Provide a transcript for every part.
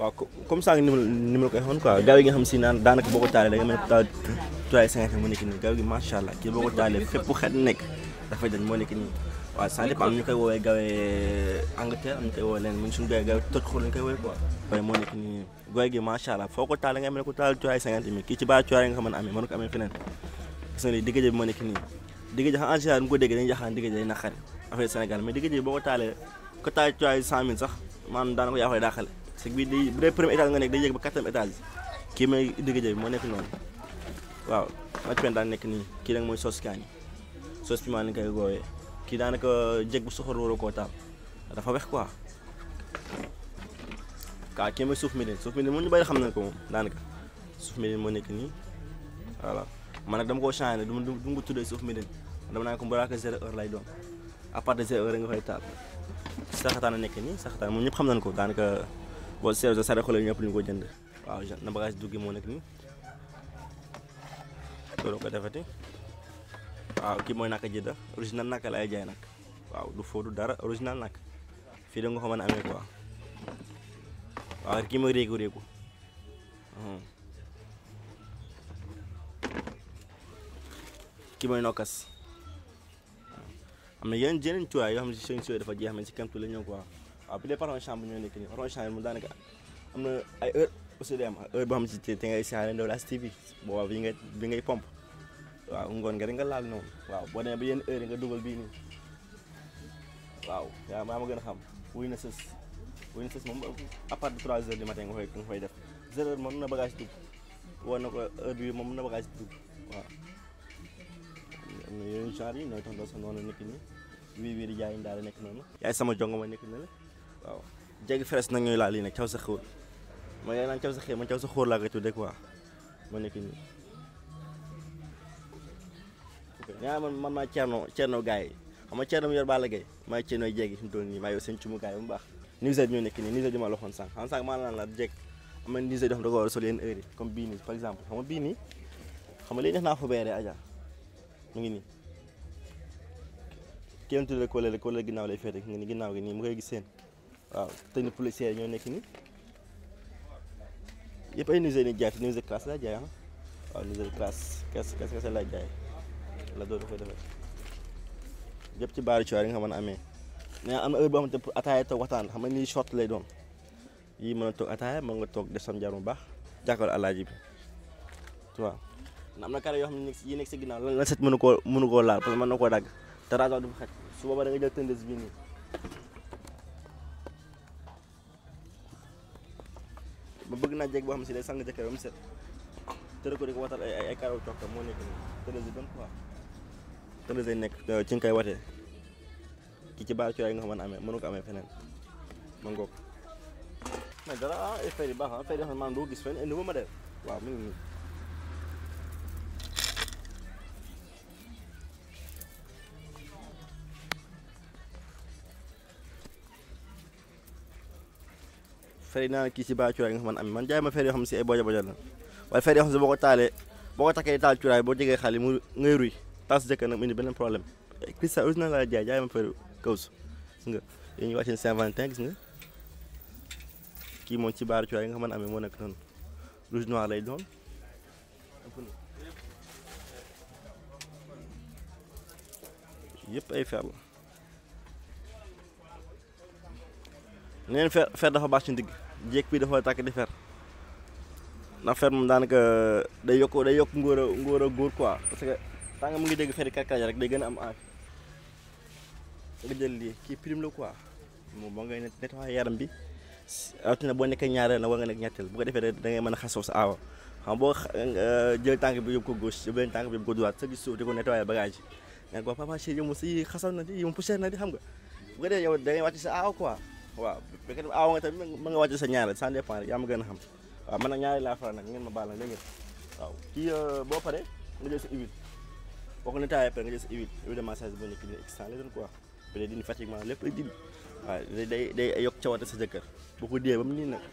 waaw comme ça ni ma ni ma la koy waxoon quoi gaaw yi nga xam si naan daanaka boo ko taalee da nga mel ne taal trois cinquante moo nekk nii gaaw gi macha allah kii boo ko taalee fépp xet nekk dafay dañ moo nekk nii waaw ça dépend am ñu koy woowee gaawee Angleterre am ñu koy woowee leneen ñun suñu gaawee gaawee toj xul lañ koy woowee quoi. waaye moo nekk nii gooy gi macha allah foo ko taal da nga mel ne ko taal trois cinquante mille kii ci baa trois yi nga xam ne amee mën ko amee feneen gis nga ni diggante bi moo nekk nii diggante en général ñu ko déggee dañuy jaxaan diggante day naqari affaire Sénégal mais diggante boo ko taalee ko taal trois cent mille sax maanaam daanaka yaa koy daaxale sëñ bi day bu dee premier étage nga nekk day yéeg ba quatrième étage kii may digg jëy moo nekk noonu waaw maj pen daan nekk nii kii nag mooy soos kaani soos piment lañ koy goowee kii daanaka jeg bu soxor waroo koo taal dafa wex quoi kaa suuf mi leen suuf mi ñu bari xam nañ ko moom daanaka moo nekk nii man nag koo changé du du ma tuddee suuf mi leen dama naa ko mbaraaka lay doon à part de zéro taal saxataan a nekk nii saxataan moom ñëpp xam nañ ko daanaka boo seetlu sa Saraxule ñëpp ñu ko jënd waaw na bagage duggi moo nekk nii loolu ko defati waaw kii mooy naka jidda original naka laay jaay nag waaw du fóodu dara original naka fii da nga ko mën a amee quoi waaw kii mooy réegu réegu hmm. kii mooy nokkas hmm. am na yeneen yeneen cuwaay yoo xam ne si seen dafa jeex xam ne si kamtu la ñëw quoi waaw bu dee par Ronchamp ñoo nekk nii Ronchamp yi moom daanaka am na ay heure aussi day am heure boo xam ne te ngay siyaare Ndewlaas TV boobaa bi ngay bi ngay pomp waaw nga rek nga laal noonu waaw boo demee ba yenn heure yi nga dugal bii nii waaw yaa maa ma gën a xam wuy na sës wuy na sës moom à de 3 heures du matin nga koy nga koy def zéro heure moom na bagage dugg woon bi moom mën na bagage dugg waaw am na yeneen genre yi nooy tax doo sa noonu nekk nii nekk noonu yaay sama nekk na waaw jéggi feres nag ñooy laal lii nag caw sa xóor ma yaa naan caw sa xëy man caw sa xóor laa koy tuddee quoi ma nekk nii yaa man man maa Thierno Thierno gars yi xam nga Thierno mu yor Balla Gaye maa Thierno jéggi fi mu toll nii maa yow seen cumu gars yi bu baax Niger ñoo nekk nii Niger di ma la waxoon sànq xam sànq maa naan la jégg am na Niger yoo xam da ko war a sol yenn heure yi comme bii nii par exemple xam nga bii nii xam nga lii def naa fa beeree aja mu ngi nii kenn tuddee kóoleel kóoleel ginnaaw lay féete nga ni ginnaaw gi nii mu koy gis seen waaw tenue policière ñoo nekk nii yëpp ay nuisé ni jaay te nuisé classe laa jaay ah waaw nuisé classe kese kese kese laa jaay la doon koy defee yëpp ci baari cuwaar yi nga xam ne amee mais am na heure boo xamante waxtaan xam nga nii short lay doon yii mën a toog ataaya mën nga toog def sam jaar bu baax jàkkaarloo alaaji bi waaw am na carré yoo xam ne yi nekk si ginnaaw lan la set mënu koo mënu koo laal parce que mën na koo dagg te rasoir du fa xaj su boobaa da nga jël tendance bi nii ba bëgg naa jeeg boo xam si day sang jëkkër ba mu set tëra ko di ko watal ay ay karaw cokka moo nekk nii tërës yi nekk euh, ci nga koy watee ki ci baar cuuraay nga xam mën amee mënu ko amee feneen ma ngoog mais dara ah affaire yi baax ah affaire yi xam ne doo gis fenn indi ma ma def waaw mi ngi nii fer yi naan kii si baa cuuraay nga mën am man jaay ma fer yoo xam si ay boja boja la waaye fer yoo xam si boo ko taalee boo ko takkee taal cuuraay boo jegee xale mu ngay ruy taal si jëkk nag mu indi beneen problème eh, cristal original laa jaay jaay ma fer kaws gis nga yéen ñu wàccee Saint Valentin gis nga kii moom ci baaru cuuraay nga mën amee moo nekk noonu rouge lay doon yëpp ay fer la neen fer fer dafa baax ci ndigg jéeg bi dafa tàkk di fer ndax fer moom daanaka day yokk day yokk ngóor a ngóor a góor quoi parce que tant mu ngi dégg fer yi karkaraja rek day gën am aak nga jël lii kii prime la quoi moom ba ngay nettoyer yaram bi rawatina boo nekkee ñaareel na war nga ñetteel bu ko defee da ngay mën a xasoo sa aawa xam boo bi yóbbu ko gauche jël tànk bi yóbbu ko droite sa gis suuf di yi moom si xasal na di xam nga bu ko defee yow wàcc sa aawa quoi waaw bu fekkee aw nga tamit mën nga wàcc sa ñaareel sans dépendre yaa ma gën a xam waaw man nag ñaareel laa faral nag ngeen ma baal nag euh, boo paree nga jël sa huile boo ko nettoyé pare nga sa huile huile de massage nekk day day day yokk cawate sa jëkkër boo ko dee ba nii nag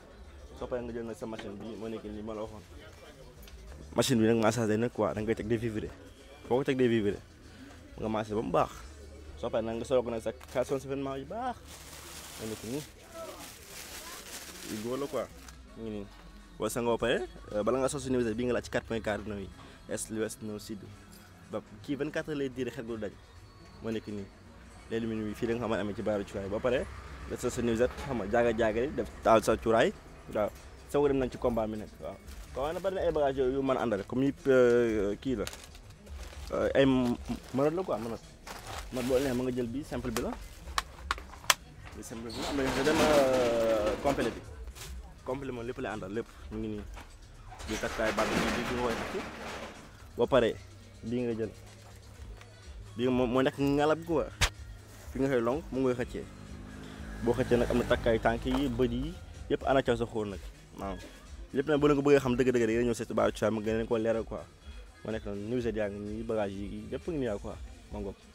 soo nga jël nag sa machine bi moo nekk nii ma la waxoon machine bi nag massage day nag quoi da nga koy teg des vibré boo ko teg des vibré nga massage ba mu baax soo paree nag nga soloo ko nag sa calson si vêtement yu baax nekk nii góor la quoi mu ngi nii boo sangoo pare euh, bala nga sos université bi nga laaj ci quatre point quatre noo yi est l'ouest nord sud ba kii 24 heures lay diire xel gu moo nekk nii léegi minu bi fii la nga xam ne amee ci baaru cuuraay ba pare nga sos université xam nga jaaga jaaga def taal sa cuuraay waaw soo dem nag ci combat mi nag waaw combat na bari na ay bagage yu mën a àndal comme yi euh, kii la euh, ay mënat la quoi a mënat boo nee ma nga jël bi simple bi la seen bi am nañu vraiment euh, complet bi complet moom lépp lay àndal lépp mu ngi nii di takkaay bàtt bi di di woy takki boo lii nga jël lii moom mooy nekk ngalab gu waa fi nga koy long mu ngay xëccee boo xëccee nag am na takkaay tànk yi bët yi yëpp ana caw sa xóor nag waaw lépp nag bu leen bëggee xam dëgg-dëgg rek dañoo seet baax cosaan mu gën leen koo leeral quoi moo nekk noonu nuisette yaa ngi nii bagage yi yëpp ngi nii quoi moo ngoog